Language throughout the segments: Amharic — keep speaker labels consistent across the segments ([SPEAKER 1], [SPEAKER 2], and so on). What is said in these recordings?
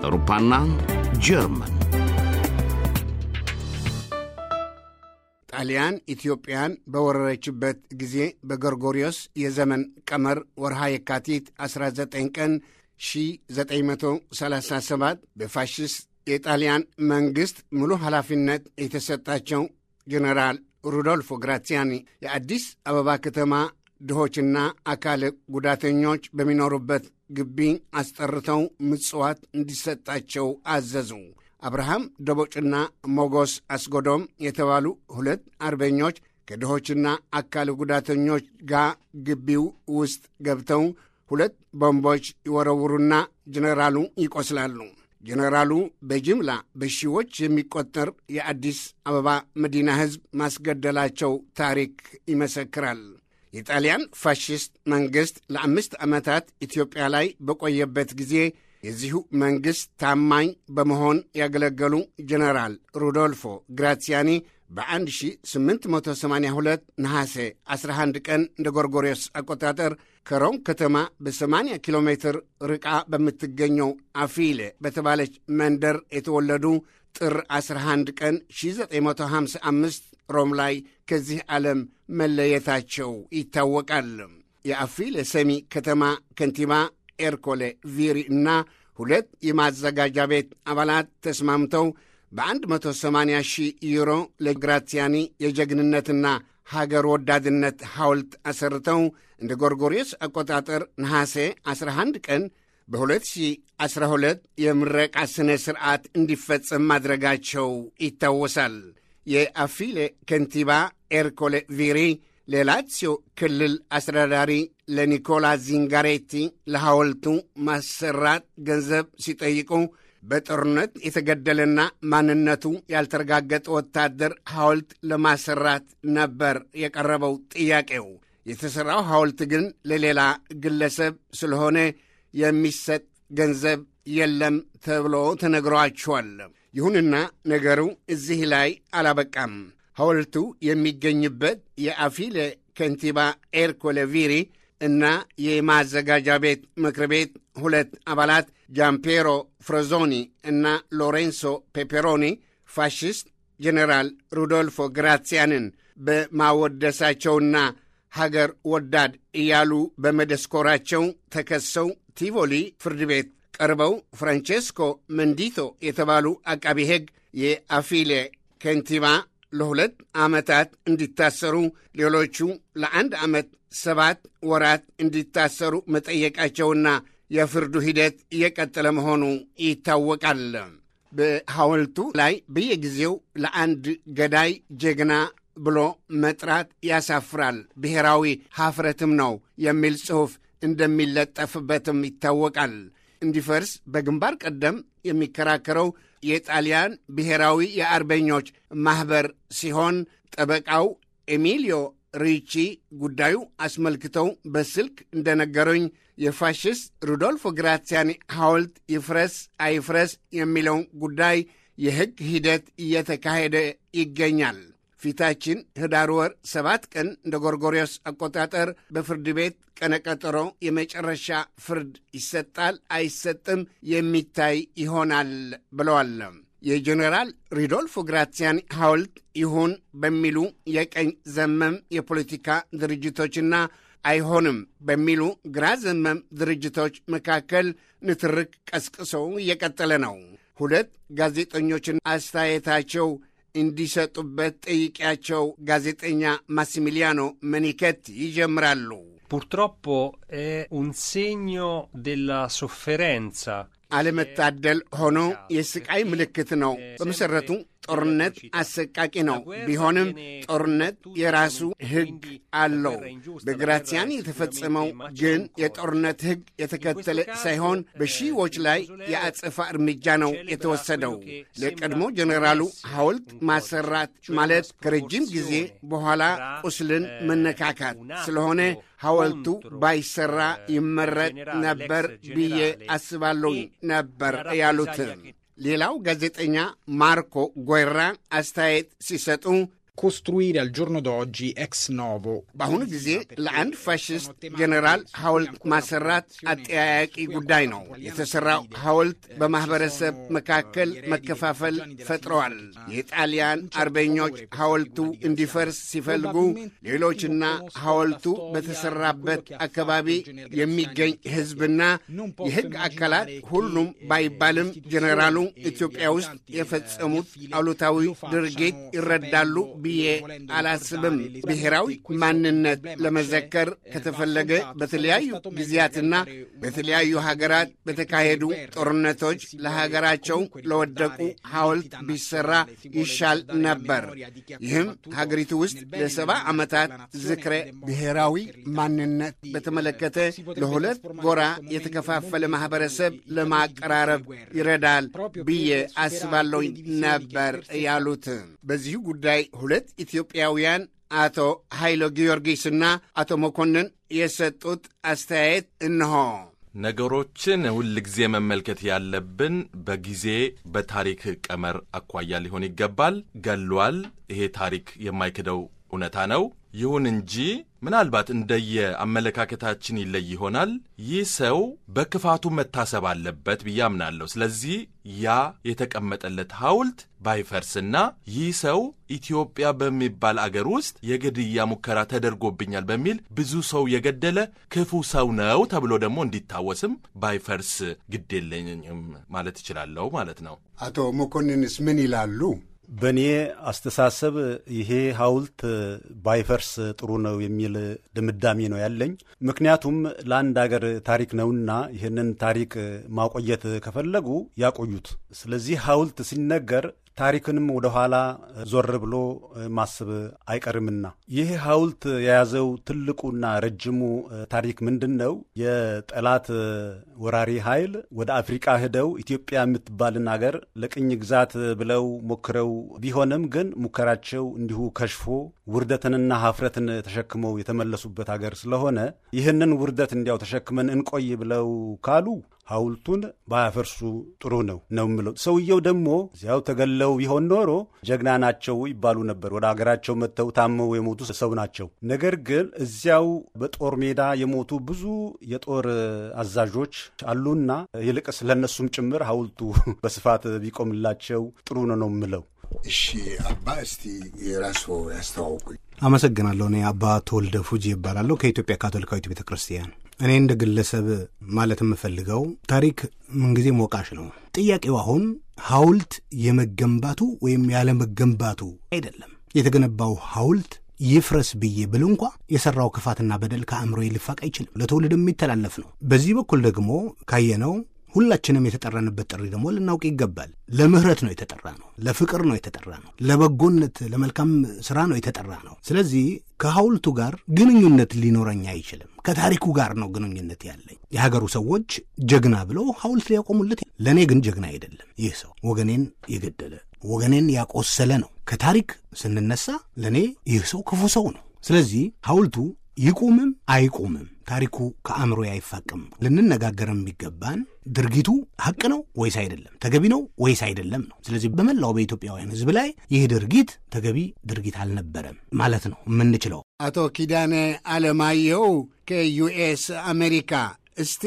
[SPEAKER 1] አውሮፓና ጀርመን ጣሊያን ኢትዮጵያን በወረረችበት ጊዜ በጎርጎሪዮስ የዘመን ቀመር ወርሃ የካቲት 19 ቀን 1937 በፋሽስት የጣሊያን መንግሥት ሙሉ ኃላፊነት የተሰጣቸው ጀኔራል ሩዶልፎ ግራሲያኒ የአዲስ አበባ ከተማ ድሆችና አካል ጉዳተኞች በሚኖሩበት ግቢ አስጠርተው ምጽዋት እንዲሰጣቸው አዘዙ። አብርሃም ደቦጭና ሞጎስ አስጎዶም የተባሉ ሁለት አርበኞች ከድሆችና አካል ጉዳተኞች ጋር ግቢው ውስጥ ገብተው ሁለት ቦምቦች ይወረውሩና ጀኔራሉ ይቆስላሉ። ጀኔራሉ በጅምላ በሺዎች የሚቆጠር የአዲስ አበባ መዲና ሕዝብ ማስገደላቸው ታሪክ ይመሰክራል። የጣሊያን ፋሽስት መንግሥት ለአምስት ዓመታት ኢትዮጵያ ላይ በቆየበት ጊዜ የዚሁ መንግሥት ታማኝ በመሆን ያገለገሉ ጀነራል ሩዶልፎ ግራሲያኒ በ1882 ነሐሴ 11 ቀን እንደ ጎርጎሬስ አቆጣጠር ከሮም ከተማ በ80 ኪሎ ሜትር ርቃ በምትገኘው አፊሌ በተባለች መንደር የተወለዱ ጥር 11 ቀን 1955 ሮም ላይ ከዚህ ዓለም መለየታቸው ይታወቃል። የአፊል ሰሚ ከተማ ከንቲባ ኤርኮሌ ቪሪ እና ሁለት የማዘጋጃ ቤት አባላት ተስማምተው በ180 ሺህ ዩሮ ለግራቲያኒ የጀግንነትና ሀገር ወዳድነት ሐውልት አሰርተው እንደ ጎርጎሪዮስ አቆጣጠር ነሐሴ 11 ቀን በ2012 የምረቃ ሥነ ሥርዓት እንዲፈጸም ማድረጋቸው ይታወሳል። የአፊሌ ከንቲባ ኤርኮሌ ቪሪ፣ ለላዚዮ ክልል አስተዳዳሪ ለኒኮላ ዚንጋሬቲ ለሐውልቱ ማሰራት ገንዘብ ሲጠይቁ በጦርነት የተገደለና ማንነቱ ያልተረጋገጠ ወታደር ሐውልት ለማሰራት ነበር የቀረበው ጥያቄው። የተሠራው ሐውልት ግን ለሌላ ግለሰብ ስለሆነ የሚሰጥ ገንዘብ የለም ተብሎ ተነግሯቸዋል። ይሁንና ነገሩ እዚህ ላይ አላበቃም። ሐውልቱ የሚገኝበት የአፊሌ ከንቲባ ኤርኮለ ቪሪ እና የማዘጋጃ ቤት ምክር ቤት ሁለት አባላት ጃምፔሮ ፍሮዞኒ እና ሎሬንሶ ፔፔሮኒ ፋሽስት ጀኔራል ሩዶልፎ ግራሲያንን በማወደሳቸውና ሀገር ወዳድ እያሉ በመደስኮራቸው ተከሰው ቲቮሊ ፍርድ ቤት ቀርበው ፍራንቼስኮ መንዲቶ የተባሉ አቃቢ ሕግ የአፊሌ ከንቲባ ለሁለት ዓመታት እንዲታሰሩ፣ ሌሎቹ ለአንድ ዓመት ሰባት ወራት እንዲታሰሩ መጠየቃቸውና የፍርዱ ሂደት እየቀጠለ መሆኑ ይታወቃል። በሐውልቱ ላይ በየጊዜው ለአንድ ገዳይ ጀግና ብሎ መጥራት ያሳፍራል፣ ብሔራዊ ሐፍረትም ነው የሚል ጽሑፍ እንደሚለጠፍበትም ይታወቃል። እንዲፈርስ በግንባር ቀደም የሚከራከረው የጣሊያን ብሔራዊ የአርበኞች ማኅበር ሲሆን ጠበቃው ኤሚሊዮ ሪቺ ጉዳዩ አስመልክተው በስልክ እንደነገሩኝ የፋሽስት ሩዶልፎ ግራሲያኒ ሐውልት ይፍረስ አይፍረስ የሚለውን ጉዳይ የሕግ ሂደት እየተካሄደ ይገኛል። ፊታችን ህዳር ወር ሰባት ቀን እንደ ጎርጎሪዮስ አቆጣጠር በፍርድ ቤት ቀነቀጠሮ የመጨረሻ ፍርድ ይሰጣል አይሰጥም የሚታይ ይሆናል ብለዋል። የጀኔራል ሪዶልፎ ግራሲያን ሐውልት ይሁን በሚሉ የቀኝ ዘመም የፖለቲካ ድርጅቶችና አይሆንም በሚሉ ግራ ዘመም ድርጅቶች መካከል ንትርክ ቀስቅሶ እየቀጠለ ነው። ሁለት ጋዜጠኞችን አስተያየታቸው እንዲሰጡበት ጠይቄያቸው ጋዜጠኛ ማሲሚሊያኖ መኒከት ይጀምራሉ። ፑርትሮፖ ኤ ኡን ሴኞ ደላ ሶፌሬንሳ አለመታደል ሆኖ የስቃይ ምልክት ነው። በመሠረቱ ጦርነት አሰቃቂ ነው። ቢሆንም ጦርነት የራሱ ሕግ አለው። በግራሲያን የተፈጸመው ግን የጦርነት ሕግ የተከተለ ሳይሆን በሺዎች ላይ የአጸፋ እርምጃ ነው የተወሰደው። ለቀድሞ ጀኔራሉ ሐውልት ማሰራት ማለት ከረጅም ጊዜ በኋላ ቁስልን መነካካት ስለሆነ ሐውልቱ ባይሰራ ይመረጥ ነበር ብዬ አስባለሁ ነበር ያሉት። ሌላው ጋዜጠኛ ማርኮ ጎይራ አስተያየት ሲሰጡ costruire al giorno d'oggi ex novo. በአሁኑ ጊዜ ለአንድ ፋሽስት ጀኔራል ሐውልት ማሰራት አጠያያቂ ጉዳይ ነው። የተሰራው ሐውልት በማኅበረሰብ መካከል መከፋፈል ፈጥረዋል። የጣሊያን አርበኞች ሐውልቱ እንዲፈርስ ሲፈልጉ ሌሎችና ሐውልቱ በተሰራበት አካባቢ የሚገኝ ሕዝብና የሕግ አካላት ሁሉም ባይባልም ጀኔራሉ ኢትዮጵያ ውስጥ የፈጸሙት አሉታዊ ድርጊት ይረዳሉ ብዬ አላስብም። ብሔራዊ ማንነት ለመዘከር ከተፈለገ በተለያዩ ጊዜያትና በተለያዩ ሀገራት በተካሄዱ ጦርነቶች ለሀገራቸው ለወደቁ ሐውልት ቢሰራ ይሻል ነበር። ይህም ሀገሪቱ ውስጥ ለሰባ ዓመታት ዝክረ ብሔራዊ ማንነት በተመለከተ ለሁለት ጎራ የተከፋፈለ ማህበረሰብ ለማቀራረብ ይረዳል ብዬ አስባለሁኝ ነበር ያሉት በዚሁ ጉዳይ ማለት ኢትዮጵያውያን አቶ ኃይሎ ጊዮርጊስና አቶ መኮንን የሰጡት አስተያየት እንሆ።
[SPEAKER 2] ነገሮችን ሁልጊዜ መመልከት ያለብን በጊዜ በታሪክ ቀመር አኳያ ሊሆን ይገባል። ገሏል። ይሄ ታሪክ የማይክደው እውነታ ነው። ይሁን እንጂ ምናልባት እንደየ አመለካከታችን ይለይ ይሆናል። ይህ ሰው በክፋቱ መታሰብ አለበት ብዬ አምናለሁ። ስለዚህ ያ የተቀመጠለት ሐውልት ባይፈርስና ይህ ሰው ኢትዮጵያ በሚባል አገር ውስጥ የግድያ ሙከራ ተደርጎብኛል በሚል ብዙ ሰው የገደለ ክፉ ሰው ነው ተብሎ ደግሞ እንዲታወስም ባይፈርስ ግድ የለኝም ማለት እችላለሁ ማለት ነው።
[SPEAKER 1] አቶ መኮንንስ ምን ይላሉ?
[SPEAKER 2] በእኔ አስተሳሰብ ይሄ ሐውልት ባይፈርስ ጥሩ ነው የሚል ድምዳሜ ነው ያለኝ። ምክንያቱም ለአንድ አገር ታሪክ ነውና ይህንን ታሪክ ማቆየት ከፈለጉ ያቆዩት። ስለዚህ ሐውልት ሲነገር ታሪክንም ወደ ኋላ ዞር ብሎ ማስብ አይቀርምና ይህ ሐውልት የያዘው ትልቁና ረጅሙ ታሪክ ምንድን ነው? የጠላት ወራሪ ኃይል ወደ አፍሪቃ ሂደው ኢትዮጵያ የምትባልን አገር ለቅኝ ግዛት ብለው ሞክረው ቢሆንም ግን ሙከራቸው እንዲሁ ከሽፎ ውርደትንና ሀፍረትን ተሸክመው የተመለሱበት አገር ስለሆነ ይህንን ውርደት እንዲያው ተሸክመን እንቆይ ብለው ካሉ ሐውልቱን ባያፈርሱ ጥሩ ነው ነው የምለው። ሰውየው ደግሞ እዚያው ተገለው ቢሆን ኖሮ ጀግና ናቸው ይባሉ ነበር። ወደ አገራቸው መጥተው ታመው የሞቱ ሰው ናቸው። ነገር ግን እዚያው በጦር ሜዳ የሞቱ ብዙ የጦር አዛዦች አሉና ይልቅ ስለነሱም ጭምር ሐውልቱ በስፋት ቢቆምላቸው ጥሩ ነው ነው የምለው። እሺ
[SPEAKER 1] አባ እስቲ የራስዎ ያስተዋውቁኝ።
[SPEAKER 3] አመሰግናለሁ። እኔ አባ ተወልደ ፉጅ ይባላለሁ። ከኢትዮጵያ ካቶሊካዊት ቤተ ክርስቲያን እኔ እንደ ግለሰብ ማለት የምፈልገው ታሪክ ምንጊዜ ሞቃሽ ነው። ጥያቄው አሁን ሐውልት የመገንባቱ ወይም ያለመገንባቱ አይደለም። የተገነባው ሐውልት ይፍረስ ብዬ ብል እንኳ የሰራው ክፋትና በደል ከአእምሮ ሊፋቅ አይችልም። ለትውልድ የሚተላለፍ ነው። በዚህ በኩል ደግሞ ካየነው ሁላችንም የተጠራንበት ጥሪ ደግሞ ልናውቅ ይገባል። ለምህረት ነው የተጠራ ነው፣ ለፍቅር ነው የተጠራ ነው፣ ለበጎነት ለመልካም ስራ ነው የተጠራ ነው። ስለዚህ ከሐውልቱ ጋር ግንኙነት ሊኖረኝ አይችልም። ከታሪኩ ጋር ነው ግንኙነት ያለኝ። የሀገሩ ሰዎች ጀግና ብለው ሐውልት ሊያቆሙለት፣ ለእኔ ግን ጀግና አይደለም። ይህ ሰው ወገኔን የገደለ ወገኔን ያቆሰለ ነው። ከታሪክ ስንነሳ ለእኔ ይህ ሰው ክፉ ሰው ነው። ስለዚህ ሐውልቱ ይቁምም አይቁምም ታሪኩ ከአእምሮ አይፋቅም። ልንነጋገር የሚገባን ድርጊቱ ሀቅ ነው ወይስ አይደለም፣ ተገቢ ነው ወይስ አይደለም ነው። ስለዚህ በመላው በኢትዮጵያውያን ሕዝብ ላይ ይህ ድርጊት ተገቢ ድርጊት አልነበረም ማለት ነው የምንችለው።
[SPEAKER 1] አቶ ኪዳነ አለማየሁ ከዩኤስ አሜሪካ እስቲ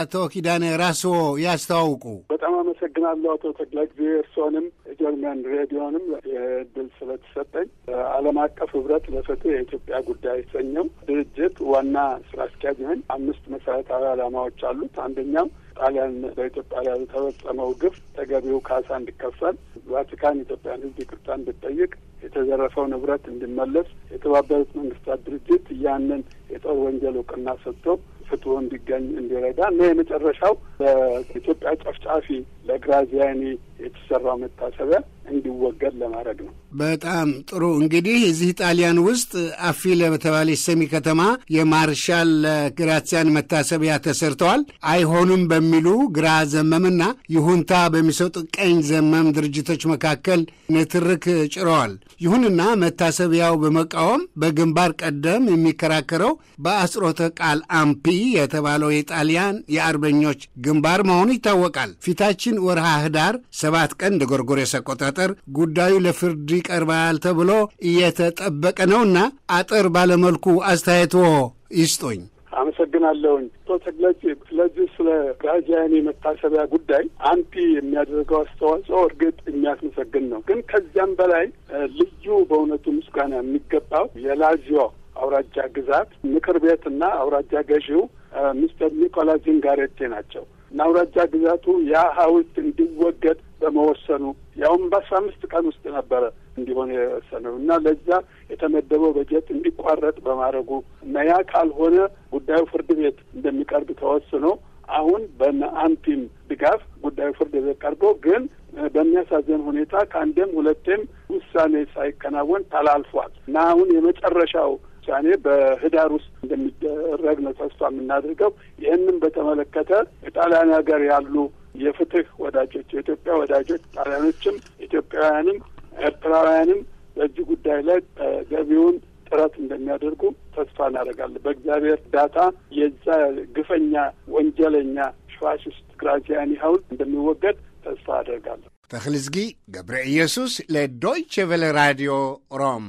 [SPEAKER 1] አቶ ኪዳነ ራስዎ ያስተዋውቁ።
[SPEAKER 4] በጣም አመሰግናለሁ አቶ ተክለ ጊዜ እርስዎንም ጀርመን ሬዲዮንም የድል ስለተሰጠኝ ዓለም አቀፍ ህብረት ለፍትህ የኢትዮጵያ ጉዳይ የተሰኘው ድርጅት ዋና ስራ አስኪያጅ ነኝ። አምስት መሰረታዊ ዓላማዎች አሉት። አንደኛም ጣሊያን በኢትዮጵያ ላይ የተፈጸመው ግፍ ተገቢው ካሳ እንዲከፈል፣ ቫቲካን ኢትዮጵያን ህዝብ ይቅርታ እንድጠይቅ፣ የተዘረፈው ንብረት እንዲመለስ፣ የተባበሩት መንግስታት ድርጅት ያንን የጦር ወንጀል እውቅና ሰጥቶ ፍትሁ እንዲገኝ እንዲረዳ እና የመጨረሻው በኢትዮጵያ ጨፍጫፊ ለግራዚያኒ የተሰራው መታሰቢያ እንዲወገድ ለማድረግ ነው።
[SPEAKER 1] በጣም ጥሩ እንግዲህ እዚህ ጣሊያን ውስጥ አፊለ በተባለች ሰሚ ከተማ የማርሻል ግራሲያን መታሰቢያ ተሰርተዋል። አይሆንም በሚሉ ግራ ዘመምና ይሁንታ በሚሰጡ ቀኝ ዘመም ድርጅቶች መካከል ንትርክ ጭረዋል። ይሁንና መታሰቢያው በመቃወም በግንባር ቀደም የሚከራከረው በአጽሮተ ቃል አምፒ የተባለው የጣሊያን የአርበኞች ግንባር መሆኑ ይታወቃል። ፊታችን ወርሃ ህዳር ሰባት ቀን እንደ ጎርጎሬስ አቆጣጠር በመጠርጠር ጉዳዩ ለፍርድ ይቀርባል ተብሎ እየተጠበቀ ነውና አጠር ባለመልኩ አስተያየትዎ ይስጦኝ።
[SPEAKER 4] አመሰግናለሁኝ። አቶ ተግለጭ ስለዚህ ስለ ጋጃን የመታሰቢያ ጉዳይ አንቲ የሚያደርገው አስተዋጽኦ እርግጥ የሚያስመሰግን ነው። ግን ከዚያም በላይ ልዩ በእውነቱ ምስጋና የሚገባው የላዚዮ አውራጃ ግዛት ምክር ቤትና አውራጃ ገዢው ሚስተር ኒኮላ ዚንጋሬቴ ናቸው። አውራጃ ግዛቱ ያ ሀውልት እንዲወገድ በመወሰኑ ያውም በአስራ አምስት ቀን ውስጥ ነበረ እንዲሆን የወሰነው እና ለዛ የተመደበው በጀት እንዲቋረጥ በማድረጉ እና ያ ካልሆነ ጉዳዩ ፍርድ ቤት እንደሚቀርብ ተወስኖ አሁን በነ አንቲም ድጋፍ ጉዳዩ ፍርድ ቤት ቀርቦ ግን በሚያሳዘን ሁኔታ ከአንዴም ሁለቴም ውሳኔ ሳይከናወን ተላልፏል እና አሁን የመጨረሻው ውሳኔ በህዳር ውስጥ እንደሚደረግ ነው ተስፋ የምናደርገው። ይህንም በተመለከተ የጣሊያን ሀገር ያሉ የፍትህ ወዳጆች፣ የኢትዮጵያ ወዳጆች ጣሊያኖችም ኢትዮጵያውያንም ኤርትራውያንም በዚህ ጉዳይ ላይ ገቢውን ጥረት እንደሚያደርጉ ተስፋ እናደርጋለን። በእግዚአብሔር እርዳታ የዛ ግፈኛ ወንጀለኛ ፋሽስት ግራዚያኒ ሀውልት እንደሚወገድ ተስፋ አደርጋለሁ።
[SPEAKER 1] ተክልዝጊ ገብረ ኢየሱስ ለዶይቼ ቬለ ራዲዮ ሮም